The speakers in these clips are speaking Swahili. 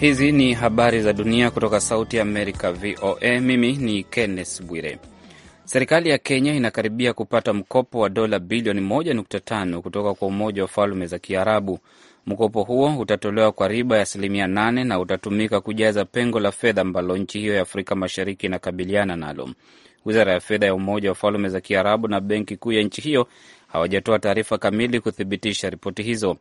Hizi ni habari za dunia kutoka Sauti ya Amerika, VOA. Mimi ni Kenneth Bwire. Serikali ya Kenya inakaribia kupata mkopo wa dola bilioni 1.5 kutoka kwa Umoja wa Falme za Kiarabu. Mkopo huo utatolewa kwa riba ya asilimia 8 na utatumika kujaza pengo la fedha ambalo nchi hiyo ya Afrika Mashariki inakabiliana nalo. Wizara ya Fedha ya Umoja wa Falme za Kiarabu na Benki Kuu ya nchi hiyo hawajatoa taarifa kamili kuthibitisha ripoti hizo.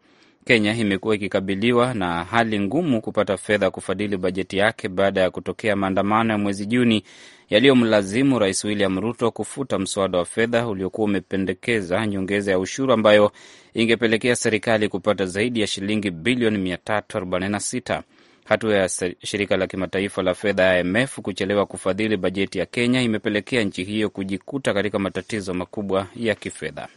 Kenya imekuwa ikikabiliwa na hali ngumu kupata fedha kufadhili bajeti yake baada ya kutokea maandamano ya mwezi Juni yaliyomlazimu Rais William Ruto kufuta mswada wa fedha uliokuwa umependekeza nyongeza ya ushuru ambayo ingepelekea serikali kupata zaidi ya shilingi bilioni 346. Hatua ya shirika la kimataifa la fedha ya IMF kuchelewa kufadhili bajeti ya Kenya imepelekea nchi hiyo kujikuta katika matatizo makubwa ya kifedha.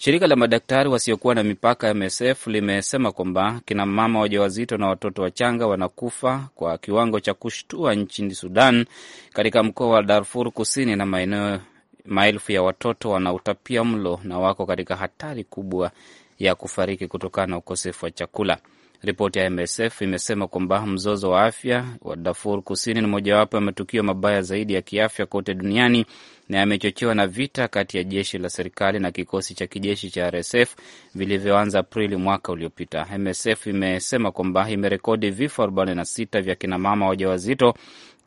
Shirika la madaktari wasiokuwa na mipaka MSF limesema kwamba kina mama wajawazito na watoto wachanga wanakufa kwa kiwango cha kushtua nchini Sudan, katika mkoa wa Darfur Kusini, na maeneo maelfu ya watoto wanautapia mlo na wako katika hatari kubwa ya kufariki kutokana na ukosefu wa chakula. Ripoti ya MSF imesema kwamba mzozo wa afya wa Darfur Kusini ni mojawapo ya matukio mabaya zaidi ya kiafya kote duniani na yamechochewa na vita kati ya jeshi la serikali na kikosi cha kijeshi cha RSF vilivyoanza Aprili mwaka uliopita. MSF imesema kwamba imerekodi vifo 46 vya kinamama wajawazito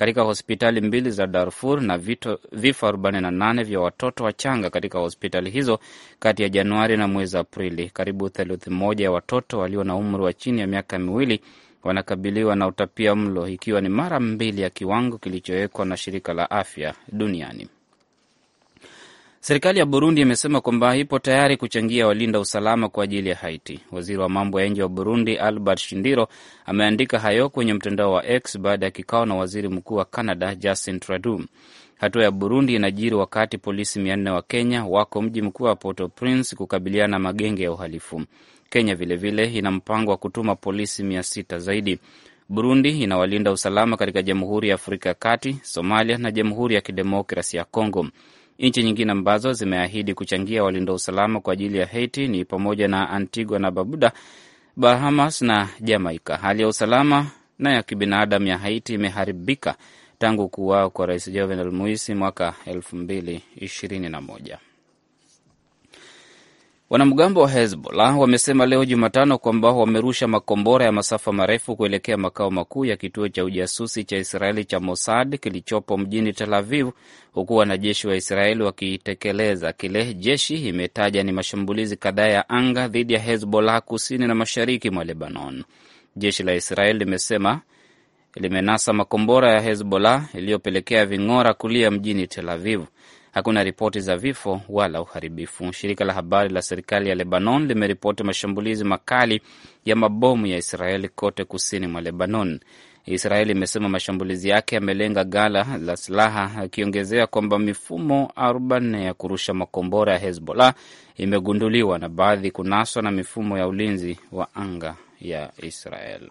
katika hospitali mbili za Darfur na vifo 48 vya watoto wachanga katika hospitali hizo kati ya Januari na mwezi Aprili. Karibu theluthi moja ya watoto walio na umri wa chini ya miaka miwili wanakabiliwa na utapia mlo, ikiwa ni mara mbili ya kiwango kilichowekwa na shirika la afya duniani. Serikali ya Burundi imesema kwamba ipo tayari kuchangia walinda usalama kwa ajili ya Haiti. Waziri wa mambo ya nje wa Burundi Albert Shindiro ameandika hayo kwenye mtandao wa X baada ya kikao na waziri mkuu wa Canada Justin Trudeau. Hatua ya Burundi inajiri wakati polisi mia nne wa Kenya wako mji mkuu wa Port au Prince kukabiliana na magenge ya uhalifu. Kenya vilevile vile ina mpango wa kutuma polisi mia sita zaidi. Burundi inawalinda usalama katika Jamhuri ya Afrika ya Kati, Somalia na Jamhuri ya Kidemokrasi ya congo Nchi nyingine ambazo zimeahidi kuchangia walinda usalama kwa ajili ya Haiti ni pamoja na Antigua na Barbuda, Bahamas na Jamaika. Hali ya usalama na ya kibinadamu ya Haiti imeharibika tangu kuuawa kwa Rais Jovenel Moise mwaka 221 Wanamgambo wa Hezbollah wamesema leo Jumatano kwamba wamerusha makombora ya masafa marefu kuelekea makao makuu ya kituo cha ujasusi cha Israeli cha Mossad kilichopo mjini Tel Aviv, huku wanajeshi wa Israeli wakitekeleza kile jeshi imetaja ni mashambulizi kadhaa ya anga dhidi ya Hezbollah kusini na mashariki mwa Lebanon. Jeshi la Israeli limesema limenasa makombora ya Hezbollah iliyopelekea ving'ora kulia mjini Tel Aviv. Hakuna ripoti za vifo wala uharibifu. Shirika la habari la serikali ya Lebanon limeripoti mashambulizi makali ya mabomu ya Israeli kote kusini mwa Lebanon. Israeli imesema mashambulizi yake yamelenga ghala la silaha, akiongezea kwamba mifumo 40 ya kurusha makombora ya Hezbollah imegunduliwa na baadhi kunaswa na mifumo ya ulinzi wa anga ya Israel.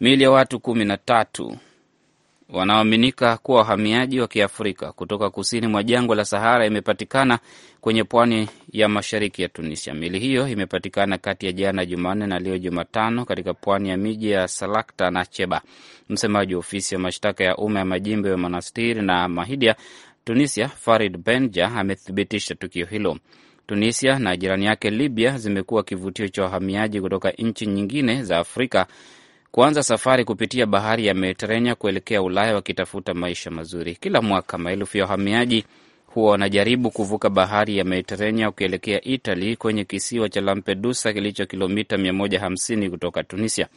Miili ya watu kumi na tatu wanaoaminika kuwa wahamiaji wa Kiafrika kutoka kusini mwa jangwa la Sahara imepatikana kwenye pwani ya mashariki ya Tunisia. Mili hiyo imepatikana kati ya jana Jumanne na leo Jumatano katika pwani ya miji ya Salakta na Cheba. Msemaji wa ofisi ya mashtaka ya umma ya majimbo ya manastiri na Mahidia, Tunisia, Farid Benja amethibitisha tukio hilo. Tunisia na jirani yake Libya zimekuwa kivutio cha wahamiaji kutoka nchi nyingine za Afrika kuanza safari kupitia bahari ya Mediterania kuelekea Ulaya wakitafuta maisha mazuri. Kila mwaka maelfu ya wahamiaji huwa wanajaribu kuvuka bahari ya Mediterania wakielekea Italy kwenye kisiwa cha Lampedusa kilicho kilomita 150 kutoka Tunisia.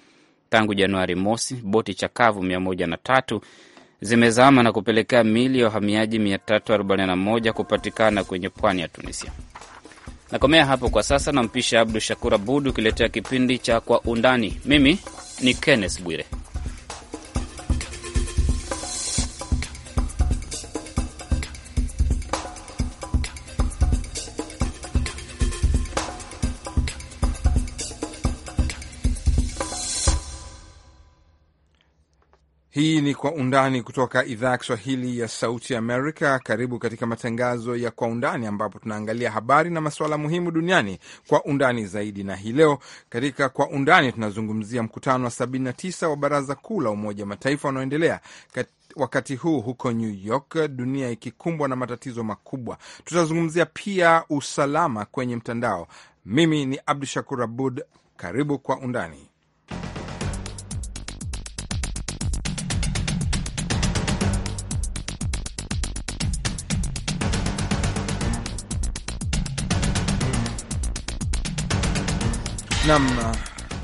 Tangu Januari mosi, boti chakavu 103 zimezama na kupelekea mili ya wahamiaji 341 kupatikana kwenye pwani ya Tunisia. Nakomea hapo kwa sasa, nampisha Abdu Shakur Abud ukiletea kipindi cha Kwa Undani. Mimi ni Kenneth Bwire. Kwa Undani kutoka idhaa ya Kiswahili ya Sauti Amerika. Karibu katika matangazo ya Kwa Undani, ambapo tunaangalia habari na masuala muhimu duniani kwa undani zaidi. Na hii leo katika Kwa Undani tunazungumzia mkutano wa 79 wa Baraza Kuu la Umoja Mataifa unaoendelea wakati huu huko New York, dunia ikikumbwa na matatizo makubwa. Tutazungumzia pia usalama kwenye mtandao. Mimi ni Abdu Shakur Abud, karibu Kwa Undani. nam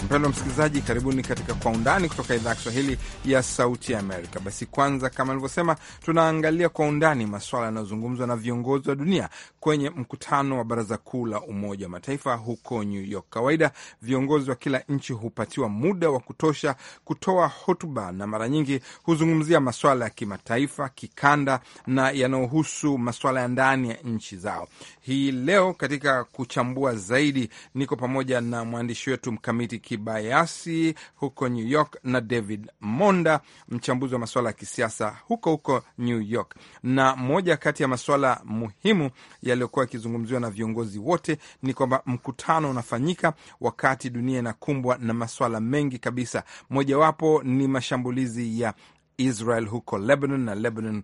mpendo msikilizaji, karibuni katika Kwa Undani kutoka idhaa ya Kiswahili ya Sauti ya Amerika. Basi kwanza, kama alivyosema, tunaangalia kwa undani maswala yanayozungumzwa na viongozi wa dunia kwenye mkutano wa Baraza Kuu la Umoja wa Mataifa huko New York. Kawaida viongozi wa kila nchi hupatiwa muda wa kutosha kutoa hotuba, na mara nyingi huzungumzia maswala ya kimataifa, kikanda na yanayohusu masuala ya ndani ya nchi zao hii leo. Katika kuchambua zaidi, niko pamoja na mwandishi wetu Mkamiti Kibayasi huko New York na David Monda, mchambuzi wa masuala ya kisiasa huko huko New York. Na moja kati ya masuala muhimu yaliyokuwa yakizungumziwa na viongozi wote ni kwamba mkutano unafanyika wakati dunia inakumbwa na masuala mengi kabisa, mojawapo ni mashambulizi ya Israel huko Lebanon na Lebanon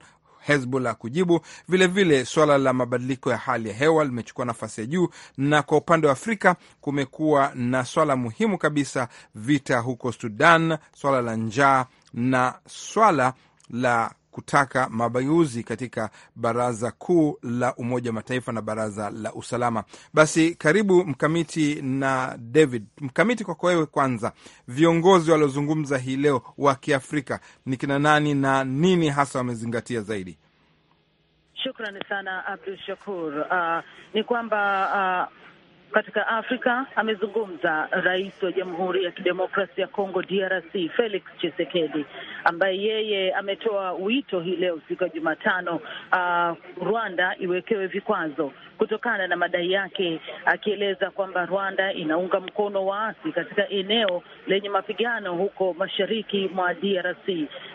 Hezbollah kujibu. Vilevile vile, suala la mabadiliko ya hali ya hewa limechukua nafasi ya juu, na kwa upande wa Afrika kumekuwa na swala muhimu kabisa, vita huko Sudan, swala la njaa na swala la kutaka mabayuzi katika baraza kuu la Umoja wa Mataifa na baraza la usalama. Basi karibu Mkamiti na David. Mkamiti, kwako wewe kwanza, viongozi waliozungumza hii leo wa Kiafrika ni kina nani na nini hasa wamezingatia zaidi? Shukrani sana Abdu Shakur. Uh, ni kwamba uh katika Afrika amezungumza rais wa Jamhuri ya Kidemokrasia ya Kongo DRC Felix Tshisekedi, ambaye yeye ametoa wito hii leo siku ya Jumatano uh, Rwanda iwekewe vikwazo kutokana na madai yake, akieleza kwamba Rwanda inaunga mkono waasi katika eneo lenye mapigano huko mashariki mwa DRC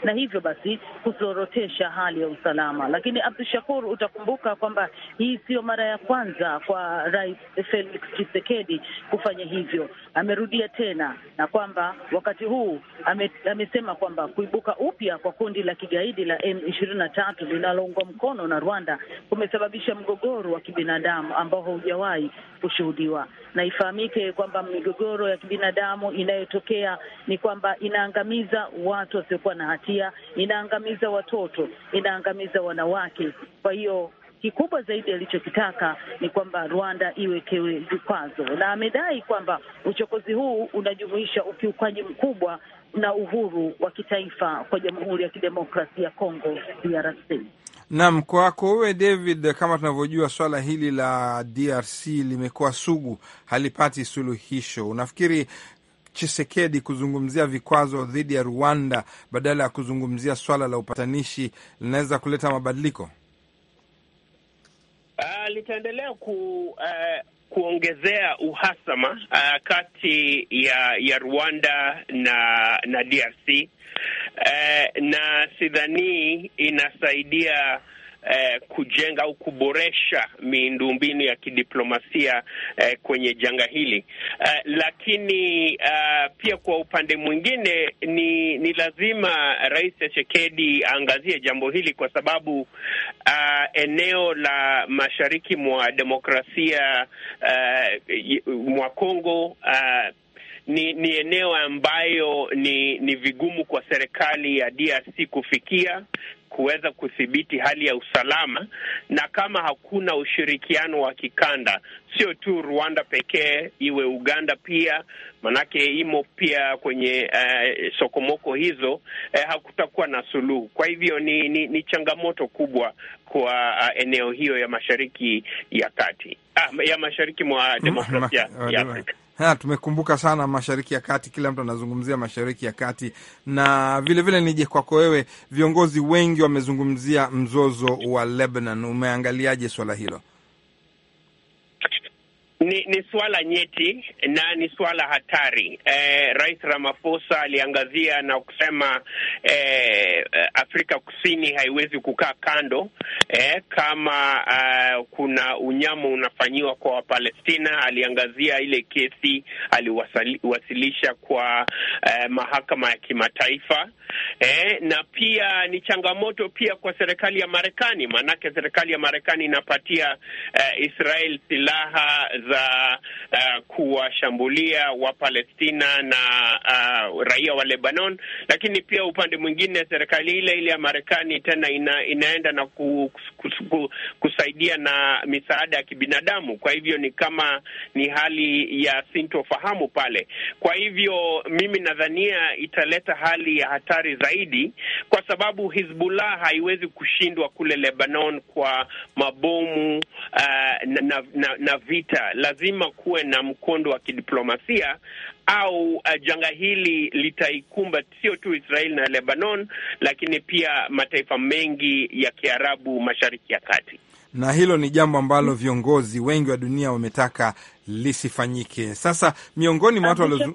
na hivyo basi kuzorotesha hali ya usalama. Lakini Abdu Shakur, utakumbuka kwamba hii siyo mara ya kwanza kwa rais Felix Tshisekedi kufanya hivyo. Amerudia tena na kwamba wakati huu ame, amesema kwamba kuibuka upya kwa kundi la kigaidi la M23 linaloungwa mkono na Rwanda kumesababisha mgogoro wa kibinadamu ambao haujawahi kushuhudiwa. Na ifahamike kwamba migogoro ya kibinadamu inayotokea ni kwamba inaangamiza watu wasiokuwa na hatia, inaangamiza watoto, inaangamiza wanawake. Kwa hiyo kikubwa zaidi alichokitaka ni kwamba Rwanda iwekewe vikwazo, na amedai kwamba uchokozi huu unajumuisha ukiukaji mkubwa na uhuru wa kitaifa kwa Jamhuri ya Kidemokrasia ya Kongo, DRC. Naam, kwako wewe David, kama tunavyojua swala hili la DRC limekuwa sugu, halipati suluhisho. Unafikiri Chisekedi kuzungumzia vikwazo dhidi ya Rwanda badala ya kuzungumzia swala la upatanishi linaweza kuleta mabadiliko? litaendelea ku uh, kuongezea uhasama uh, kati ya ya Rwanda na na DRC uh, eh, na sidhani inasaidia eh, kujenga au kuboresha miundombinu ya kidiplomasia eh, kwenye janga hili eh, lakini eh, pia kwa upande mwingine ni, ni lazima Rais Tshisekedi aangazie jambo hili kwa sababu eh, eneo la mashariki mwa demokrasia eh, mwa Kongo eh, ni ni eneo ambayo ni ni vigumu kwa serikali ya DRC kufikia kuweza kudhibiti hali ya usalama, na kama hakuna ushirikiano wa kikanda, sio tu Rwanda pekee, iwe Uganda pia, manake imo pia kwenye uh, sokomoko hizo eh, hakutakuwa na suluhu. Kwa hivyo ni, ni, ni changamoto kubwa kwa uh, eneo hiyo ya mashariki ya kati ah, ya mashariki mwa demokrasia ya Afrika. Ha, tumekumbuka sana mashariki ya kati, kila mtu anazungumzia mashariki ya kati. Na vilevile nije kwako wewe, viongozi wengi wamezungumzia mzozo wa Lebanon, umeangaliaje swala hilo? Ni, ni swala nyeti na ni swala hatari. Eh, Rais Ramaphosa aliangazia na kusema eh, Afrika Kusini haiwezi kukaa kando eh, kama uh, kuna unyama unafanyiwa kwa Wapalestina. Aliangazia ile kesi aliwasilisha kwa eh, mahakama ya kimataifa eh, na pia ni changamoto pia kwa serikali ya Marekani, maanake serikali ya Marekani inapatia eh, Israel silaha za za uh, kuwashambulia Wapalestina na uh, raia wa Lebanon, lakini pia upande mwingine serikali ile ile ya Marekani tena ina, inaenda na kus, kus, kusaidia na misaada ya kibinadamu. Kwa hivyo ni kama ni hali ya sintofahamu pale. Kwa hivyo mimi nadhania italeta hali ya hatari zaidi, kwa sababu Hizbullah haiwezi kushindwa kule Lebanon kwa mabomu uh, na, na, na vita lazima kuwe na mkondo wa kidiplomasia au uh, janga hili litaikumba sio tu Israel na Lebanon, lakini pia mataifa mengi ya Kiarabu Mashariki ya Kati na hilo ni jambo ambalo viongozi wengi wa dunia wametaka lisifanyike. Sasa miongoni mwa watu walio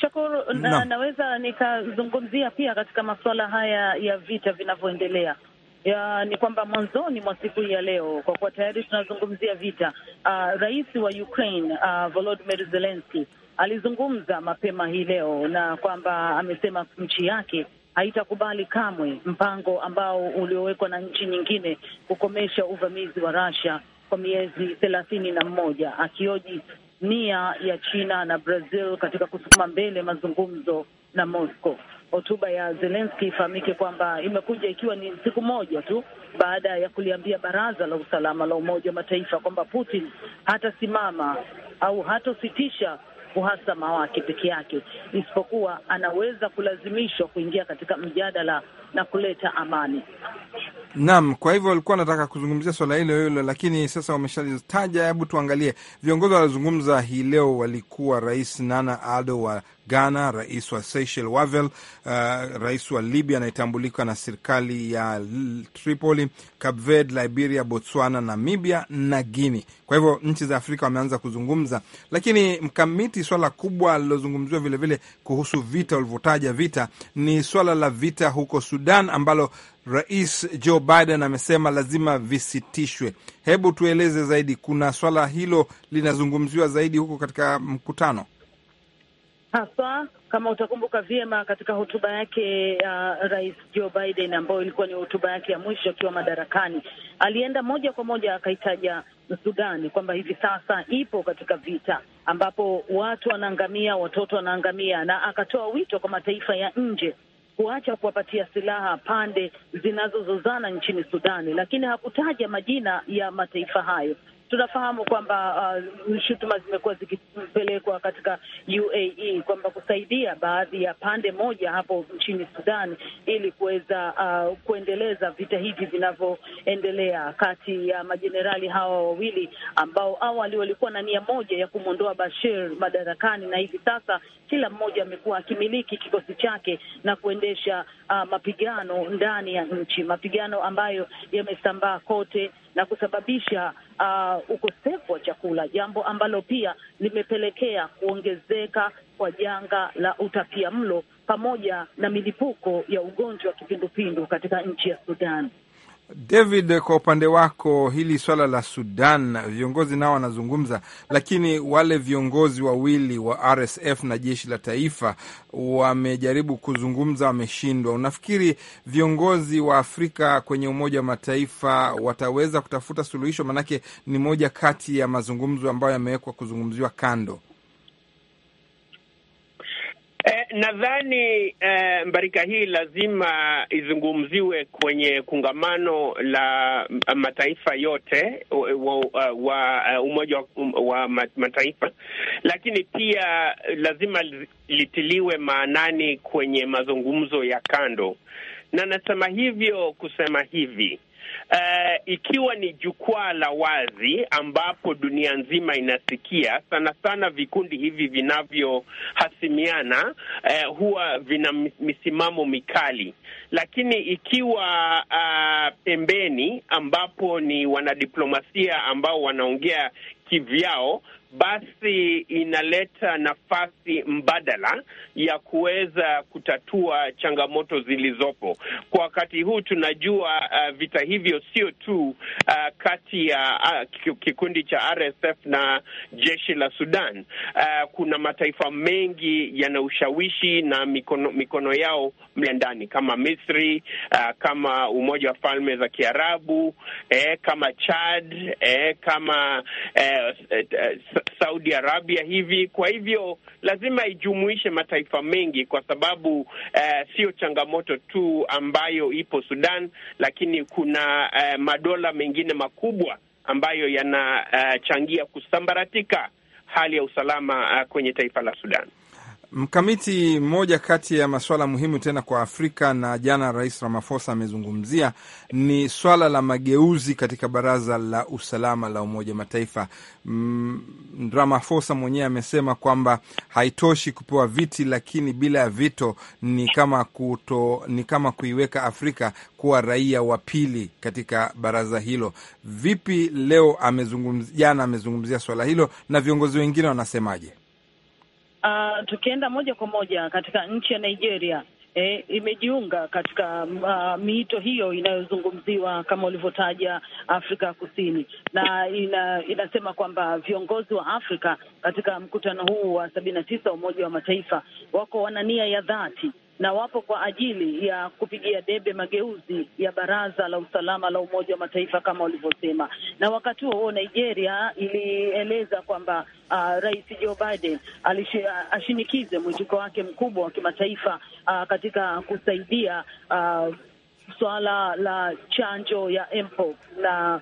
Shakuru, na, naweza nikazungumzia pia katika masuala haya ya vita vinavyoendelea ya, ni kwamba mwanzoni mwa siku hii ya leo, kwa kuwa tayari tunazungumzia vita uh, rais wa Ukraine uh, Volodymyr Zelensky alizungumza mapema hii leo na kwamba amesema nchi yake haitakubali kamwe mpango ambao uliowekwa na nchi nyingine kukomesha uvamizi wa Russia kwa miezi thelathini na mmoja akioji nia ya China na Brazil katika kusukuma mbele mazungumzo na Moscow hotuba ya zelenski ifahamike kwamba imekuja ikiwa ni siku moja tu baada ya kuliambia baraza la usalama la Umoja wa Mataifa kwamba Putin hatasimama au hatositisha uhasama wake peke yake, isipokuwa anaweza kulazimishwa kuingia katika mjadala na kuleta amani. Naam, kwa hivyo walikuwa anataka kuzungumzia swala hilo hilo, lakini sasa wameshalitaja. Hebu tuangalie viongozi waliozungumza hii leo. Walikuwa Rais Nana Ado wa Ghana, rais wa Seychelles Wavel, uh, rais wa Libya anayetambulika na serikali ya Tripoli, Cape Verde, Liberia, Botswana, Namibia na Guinea. Kwa hivyo nchi za Afrika wameanza kuzungumza, lakini mkamiti, swala kubwa lilozungumziwa vilevile kuhusu vita ulivyotaja vita ni swala la vita huko Sudan. Sudan ambalo Rais Joe Biden amesema lazima visitishwe. Hebu tueleze zaidi, kuna swala hilo linazungumziwa zaidi huko katika mkutano hasa kama utakumbuka vyema katika hotuba yake uh, Rais Joe Biden ambayo ilikuwa ni hotuba yake ya mwisho akiwa madarakani, alienda moja kwa moja akahitaja Sudani kwamba hivi sasa ipo katika vita ambapo watu wanaangamia, watoto wanaangamia, na akatoa wito kwa mataifa ya nje kuacha kuwapatia silaha pande zinazozozana nchini Sudani, lakini hakutaja majina ya mataifa hayo tunafahamu kwamba uh, shutuma zimekuwa zikipelekwa katika UAE kwamba kusaidia baadhi ya pande moja hapo nchini Sudan ili kuweza uh, kuendeleza vita hivi vinavyoendelea kati ya majenerali hawa wawili ambao awali walikuwa na nia moja ya kumwondoa Bashir madarakani, na hivi sasa kila mmoja amekuwa akimiliki kikosi chake na kuendesha uh, mapigano ndani ya nchi, mapigano ambayo yamesambaa kote na kusababisha uh, ukosefu wa chakula, jambo ambalo pia limepelekea kuongezeka kwa janga la utapia mlo pamoja na milipuko ya ugonjwa wa kipindupindu katika nchi ya Sudan. David, kwa upande wako, hili swala la Sudan, viongozi nao wanazungumza, lakini wale viongozi wawili wa RSF na jeshi la taifa wamejaribu kuzungumza, wameshindwa. Unafikiri viongozi wa Afrika kwenye Umoja wa Mataifa wataweza kutafuta suluhisho? Maanake ni moja kati ya mazungumzo ambayo yamewekwa kuzungumziwa kando nadhani eh, mbarika hii lazima izungumziwe kwenye kungamano la eh, mataifa yote wa, wa, wa eh, Umoja wa Mataifa, lakini pia lazima litiliwe maanani kwenye mazungumzo ya kando, na nasema hivyo kusema hivi uh, ikiwa ni jukwaa la wazi ambapo dunia nzima inasikia, sana sana vikundi hivi vinavyohasimiana uh, huwa vina misimamo mikali, lakini ikiwa uh, pembeni ambapo ni wanadiplomasia ambao wanaongea kivyao basi inaleta nafasi mbadala ya kuweza kutatua changamoto zilizopo kwa wakati huu. Tunajua uh, vita hivyo sio tu uh, kati ya uh, kikundi cha RSF na jeshi la Sudan. Uh, kuna mataifa mengi yana ushawishi na mikono, mikono yao mle ndani kama Misri, uh, kama Umoja wa Falme za Kiarabu, eh, kama Chad, eh, kama eh, eh, eh Saudi Arabia hivi. Kwa hivyo lazima ijumuishe mataifa mengi, kwa sababu uh, sio changamoto tu ambayo ipo Sudan, lakini kuna uh, madola mengine makubwa ambayo yanachangia eh, uh, kusambaratika hali ya usalama uh, kwenye taifa la Sudan. Mkamiti, mmoja kati ya masuala muhimu tena kwa Afrika na jana Rais Ramaphosa amezungumzia ni swala la mageuzi katika Baraza la Usalama la Umoja Mataifa. Mm, Ramaphosa mwenyewe amesema kwamba haitoshi kupewa viti, lakini bila ya vito ni kama kuto, ni kama kuiweka Afrika kuwa raia wa pili katika baraza hilo. Vipi leo amezungumzia, jana amezungumzia swala hilo na viongozi wengine wanasemaje? uh, tukienda moja kwa moja katika nchi ya Nigeria E, imejiunga katika uh, miito hiyo inayozungumziwa kama ulivyotaja Afrika Kusini, na ina, inasema kwamba viongozi wa Afrika katika mkutano huu wa sabini na tisa Umoja wa Mataifa wako wana nia ya dhati na wapo kwa ajili ya kupigia debe mageuzi ya Baraza la Usalama la Umoja wa Mataifa kama walivyosema. Na wakati huo huo, Nigeria ilieleza kwamba uh, Rais Joe Biden ashinikize mwitiko wake mkubwa wa kimataifa uh, katika kusaidia uh, suala la chanjo ya mpox na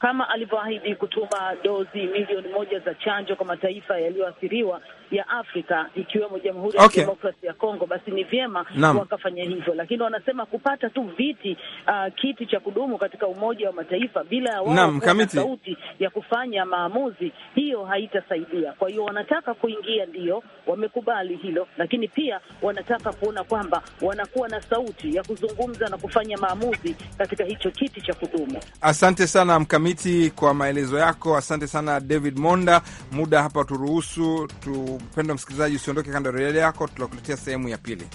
kama alivyoahidi kutuma dozi milioni moja za chanjo kwa mataifa yaliyoathiriwa ya Afrika ikiwemo Jamhuri ya okay, Demokrasia ya Kongo, basi ni vyema wakafanya hivyo, lakini wanasema kupata tu viti uh, kiti cha kudumu katika Umoja wa Mataifa bila ya wao sauti ya kufanya maamuzi, hiyo haitasaidia. Kwa hiyo wanataka kuingia, ndiyo wamekubali hilo, lakini pia wanataka kuona kwamba wanakuwa na sauti ya kuzungumza na kufanya maamuzi katika hicho kiti cha kudumu. Asante sana mkamiti. Mkamiti, kwa maelezo yako. Asante sana David Monda. Muda hapa turuhusu, tupenda msikilizaji, usiondoke kando ya redio yako, tunakuletea sehemu ya pili.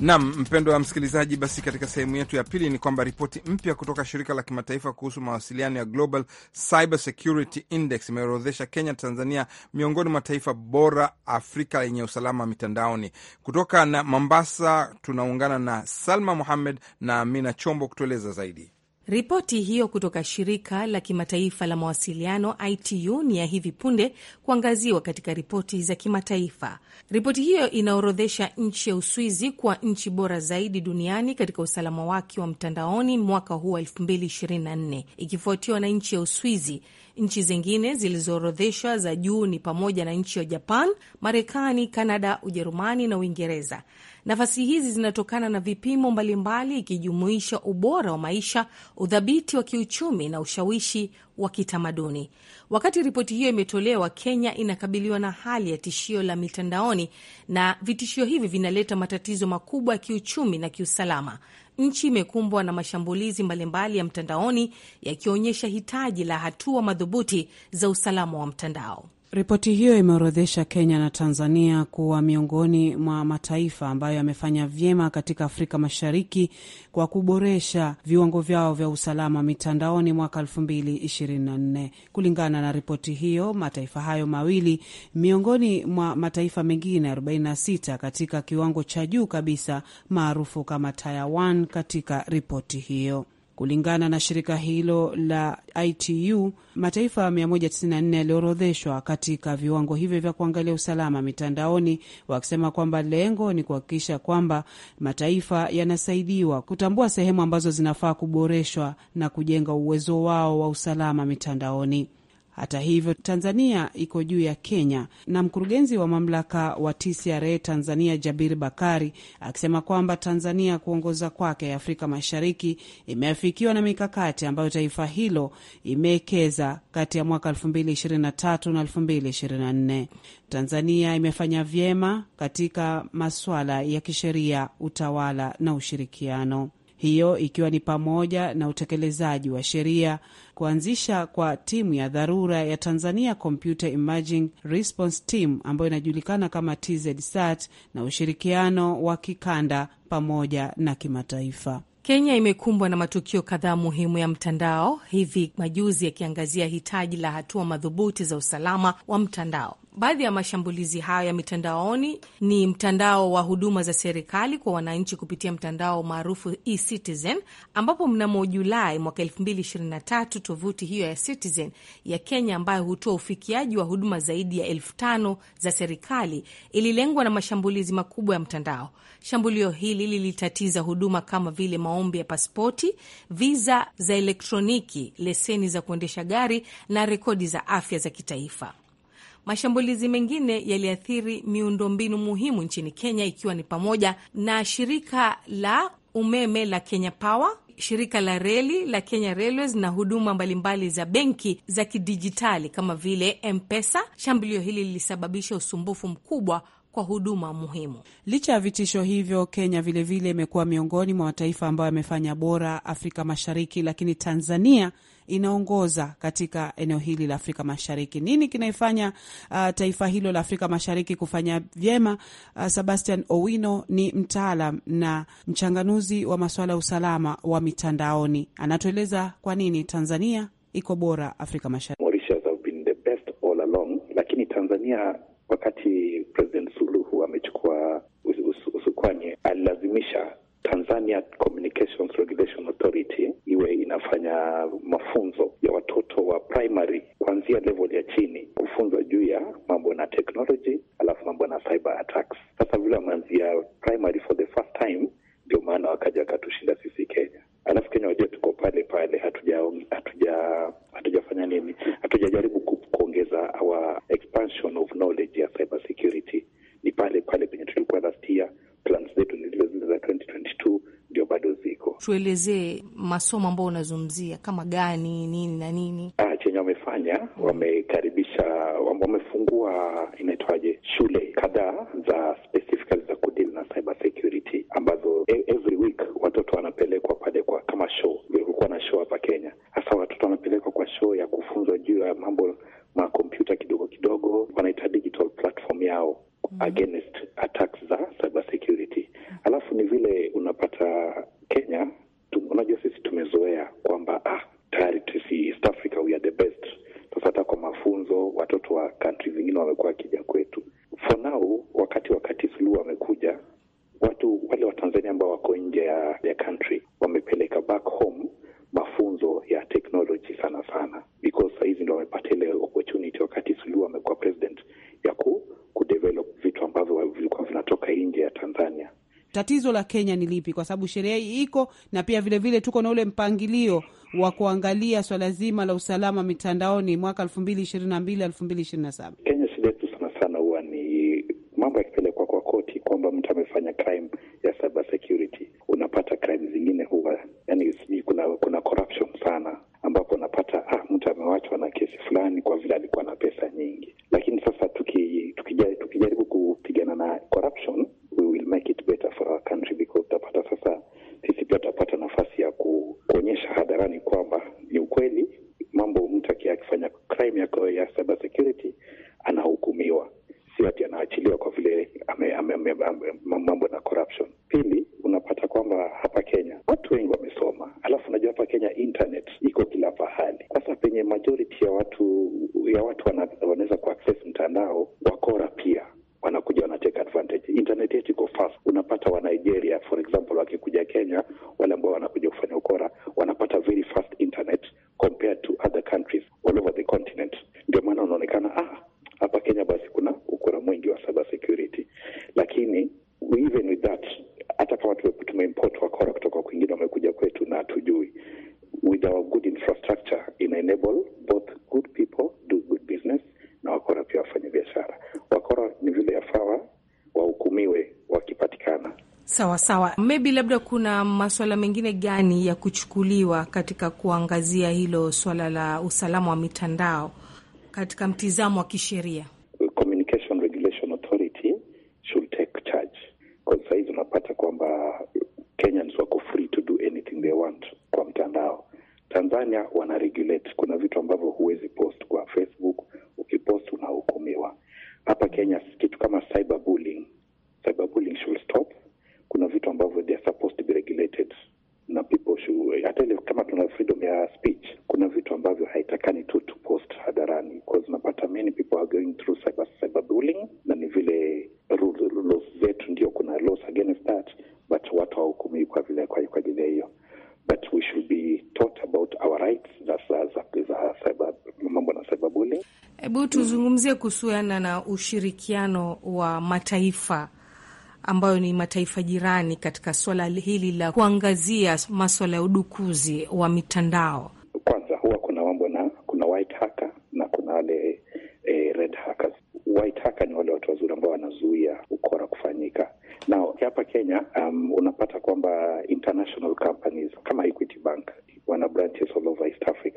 Nam mpendo wa msikilizaji, basi katika sehemu yetu ya pili ni kwamba ripoti mpya kutoka shirika la kimataifa kuhusu mawasiliano ya Global Cyber Security Index imeorodhesha Kenya, Tanzania miongoni mwa taifa bora Afrika yenye usalama mitandaoni. Kutoka na Mombasa tunaungana na Salma Muhammed na Amina Chombo kutueleza zaidi. Ripoti hiyo kutoka shirika la kimataifa la mawasiliano ITU ni ya hivi punde kuangaziwa katika ripoti za kimataifa. Ripoti hiyo inaorodhesha nchi ya Uswizi kuwa nchi bora zaidi duniani katika usalama wake wa mtandaoni mwaka huu wa 2024 ikifuatiwa na nchi ya Uswizi Nchi zingine zilizoorodheshwa za juu ni pamoja na nchi ya Japan, Marekani, Kanada, Ujerumani na Uingereza. Nafasi hizi zinatokana na vipimo mbalimbali ikijumuisha ubora wa maisha, udhabiti wa kiuchumi na ushawishi wa kitamaduni. Wakati ripoti hiyo imetolewa, Kenya inakabiliwa na hali ya tishio la mitandaoni, na vitishio hivi vinaleta matatizo makubwa ya kiuchumi na kiusalama nchi imekumbwa na mashambulizi mbalimbali ya mtandaoni yakionyesha hitaji la hatua madhubuti za usalama wa mtandao. Ripoti hiyo imeorodhesha Kenya na Tanzania kuwa miongoni mwa mataifa ambayo yamefanya vyema katika Afrika Mashariki kwa kuboresha viwango vyao vya usalama mitandaoni mwaka 2024. Kulingana na ripoti hiyo, mataifa hayo mawili miongoni mwa mataifa mengine 46 katika kiwango cha juu kabisa maarufu kama Tier 1 katika ripoti hiyo. Kulingana na shirika hilo la ITU, mataifa 194 yaliorodheshwa katika viwango hivyo vya kuangalia usalama mitandaoni, wakisema kwamba lengo ni kuhakikisha kwamba mataifa yanasaidiwa kutambua sehemu ambazo zinafaa kuboreshwa na kujenga uwezo wao wa usalama mitandaoni. Hata hivyo, Tanzania iko juu ya Kenya, na mkurugenzi wa mamlaka wa TCRA Tanzania Jabir Bakari akisema kwamba Tanzania kuongoza kwake Afrika Mashariki imeafikiwa na mikakati ambayo taifa hilo imewekeza kati ya mwaka 2023 na 2024. Tanzania imefanya vyema katika masuala ya kisheria, utawala na ushirikiano hiyo ikiwa ni pamoja na utekelezaji wa sheria, kuanzisha kwa timu ya dharura ya Tanzania Computer Emerging Response Team ambayo inajulikana kama TZSAT na ushirikiano wa kikanda pamoja na kimataifa. Kenya imekumbwa na matukio kadhaa muhimu ya mtandao hivi majuzi yakiangazia hitaji la hatua madhubuti za usalama wa mtandao. Baadhi ya mashambulizi hayo ya mitandaoni ni mtandao wa huduma za serikali kwa wananchi kupitia mtandao maarufu eCitizen, ambapo mnamo Julai mwaka 2023 tovuti hiyo ya Citizen ya Kenya ambayo hutoa ufikiaji wa huduma zaidi ya elfu tano za serikali ililengwa na mashambulizi makubwa ya mtandao. Shambulio hili lilitatiza huduma kama vile maombi ya pasipoti, viza za elektroniki, leseni za kuendesha gari na rekodi za afya za kitaifa. Mashambulizi mengine yaliathiri miundombinu muhimu nchini Kenya, ikiwa ni pamoja na shirika la umeme la Kenya Power, shirika la reli la Kenya Railways na huduma mbalimbali za benki za kidijitali kama vile M-Pesa. Shambulio hili lilisababisha usumbufu mkubwa kwa huduma muhimu. Licha ya vitisho hivyo, Kenya vilevile imekuwa miongoni mwa mataifa ambayo yamefanya bora Afrika Mashariki, lakini Tanzania inaongoza katika eneo hili la Afrika Mashariki. Nini kinaifanya uh, taifa hilo la Afrika Mashariki kufanya vyema? Uh, Sebastian Owino ni mtaalam na mchanganuzi wa masuala ya usalama wa mitandaoni, anatueleza kwa nini Tanzania iko bora Afrika Mashariki. Mauritius have been the best all along, lakini Tanzania Wakati President Suluhu amechukua usukani, alilazimisha Tanzania Communications Regulation Authority iwe inafanya mafunzo ya watoto wa primary kuanzia level ya chini, kufunzwa juu ya mambo na technology, alafu mambo na cyber attacks. Sasa vile wameanzia primary for the first time, ndio maana wakaja wakatushinda sisi Kenya. Alafu Kenya wajua, tuko pale pale, hatuja hatuja hatujafanya nini, hatujajaribu kuongeza our expansion of knowledge ya cyber security ni pale pale penye tulikuwa last year. Plans zetu ni zile zile za 2022 ndio bado ziko. Tuelezee masomo ambayo unazungumzia kama gani, nini na nini? Ah, chenye wamefanya wamekaribisha, wamefungua inaitwaje, shule kadhaa za yao mm-hmm. against attacks za cyber security. Alafu ni vile unapata Kenya, unajua sisi tumezoea tatizo la Kenya ni lipi, kwa sababu sheria hii iko na pia vilevile vile tuko na ule mpangilio wa kuangalia swala zima la usalama mitandaoni mwaka elfu mbili ishirini na mbili elfu mbili ishirini na saba. Kenya shida yetu sana sana huwa ni mambo yakipelekwa kwa koti kwamba mtu amefanya crime ya cyber security, unapata crime zingine huwa yani, sijui kuna kuna corruption sana, ambapo unapata ah, mtu amewachwa na kesi fulani kwa vile alikuwa na pesa nyingi, lakini sasa tuki, tukija with our good infrastructure in enable both good people do good business na wakora pia wafanya biashara. Wakora ni vile yafawa wahukumiwe wakipatikana. Sawa sawa, maybe labda kuna masuala mengine gani ya kuchukuliwa katika kuangazia hilo swala la usalama wa mitandao katika mtizamo wa kisheria? Hebu mm. tuzungumzie kuhusiana na ushirikiano wa mataifa ambayo ni mataifa jirani katika swala hili la kuangazia maswala ya udukuzi wa mitandao. Kwanza huwa kuna mambo na kuna white hacker na kuna wale e, red hackers. White hacker ni wale watu wazuri ambao wanazuia ukora kufanyika, na hapa Kenya um, unapata kwamba international companies kama Equity Bank wana branches all over East Africa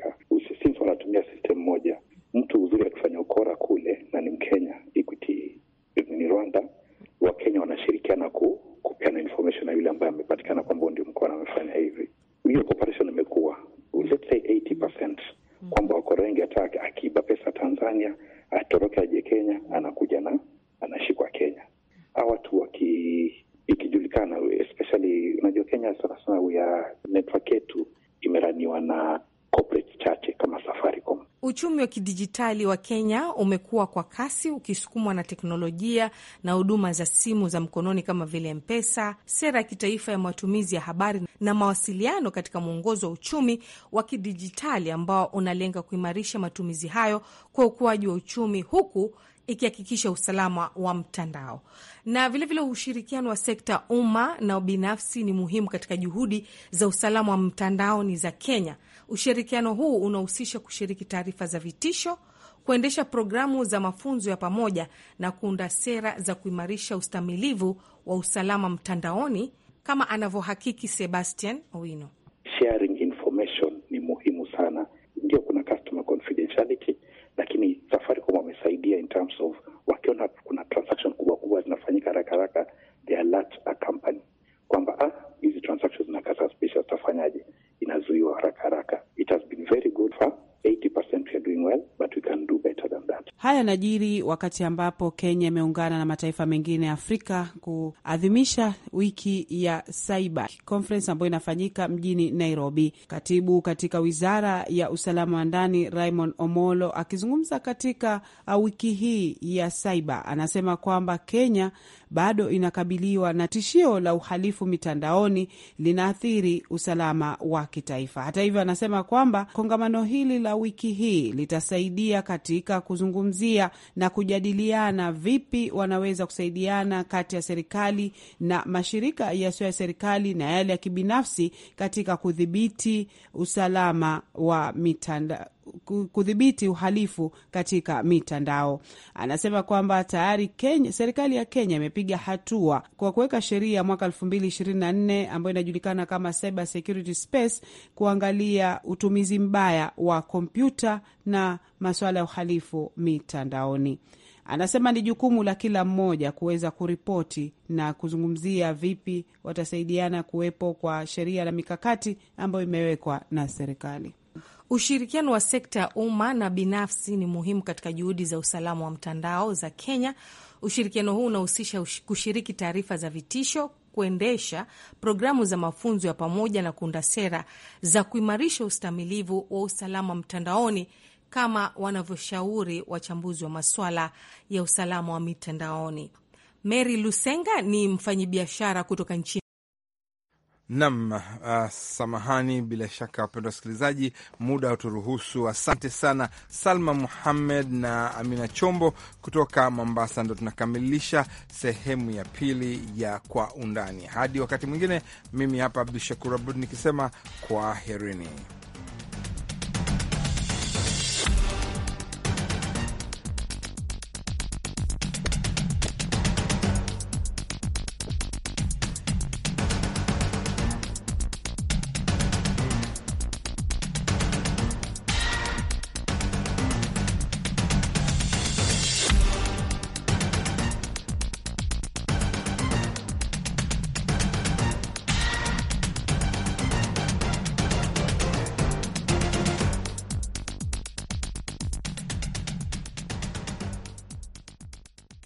Uchumi wa kidijitali wa Kenya umekuwa kwa kasi ukisukumwa na teknolojia na huduma za simu za mkononi kama vile Mpesa, sera ya kitaifa ya matumizi ya habari na mawasiliano katika mwongozo wa uchumi wa kidijitali ambao unalenga kuimarisha matumizi hayo kwa ukuaji wa uchumi huku ikihakikisha usalama wa mtandao na vilevile vile ushirikiano wa sekta umma na binafsi ni muhimu katika juhudi za usalama wa mtandaoni za Kenya. Ushirikiano huu unahusisha kushiriki taarifa za vitisho, kuendesha programu za mafunzo ya pamoja na kuunda sera za kuimarisha ustamilivu wa usalama mtandaoni kama anavyohakiki Sebastian Owino. Sharing information ni muhimu sana, ndio kuna customer confidentiality, lakini Safaricom wamesaidia in terms of wakiona kuna transaction kubwa kubwa zinafanyika haraka haraka, they alert a company kwamba ah, hizi transactions zinakaa suspicious, tafanyaje? Inazuiwa haraka haraka. It has been very good for 80% we are doing well but we can do better than that. Haya najiri wakati ambapo Kenya imeungana na mataifa mengine ya Afrika kuadhimisha wiki ya cyber conference ambayo inafanyika mjini Nairobi. Katibu katika wizara ya usalama wa ndani Raymond Omolo akizungumza katika uh, wiki hii ya cyber anasema kwamba Kenya bado inakabiliwa na tishio la uhalifu mitandaoni linaathiri usalama wa kitaifa. Hata hivyo, anasema kwamba kongamano hili la wiki hii litasaidia katika kuzungumzia na kujadiliana vipi wanaweza kusaidiana kati ya serikali na mashirika yasiyo ya serikali na yale ya kibinafsi katika kudhibiti usalama wa mitandao kudhibiti uhalifu katika mitandao. Anasema kwamba tayari Kenya, serikali ya Kenya imepiga hatua kwa kuweka sheria mwaka 2024 ambayo inajulikana kama Cyber Security Space kuangalia utumizi mbaya wa kompyuta na masuala ya uhalifu mitandaoni. Anasema ni jukumu la kila mmoja kuweza kuripoti na kuzungumzia vipi watasaidiana kuwepo kwa sheria na mikakati ambayo imewekwa na serikali. Ushirikiano wa sekta ya umma na binafsi ni muhimu katika juhudi za usalama wa mtandao za Kenya. Ushirikiano huu unahusisha kushiriki taarifa za vitisho, kuendesha programu za mafunzo ya pamoja na kuunda sera za kuimarisha ustamilivu wa usalama mtandaoni kama wanavyoshauri wachambuzi wa masuala ya usalama wa mitandaoni. Mary Lusenga ni mfanyibiashara kutoka nchini Nam uh, samahani. Bila shaka, wapendwa wasikilizaji, muda uturuhusu Asante sana Salma Muhammed na Amina Chombo kutoka Mombasa. Ndo tunakamilisha sehemu ya pili ya Kwa Undani. Hadi wakati mwingine, mimi hapa Abdu Shakur Abud nikisema kwaherini.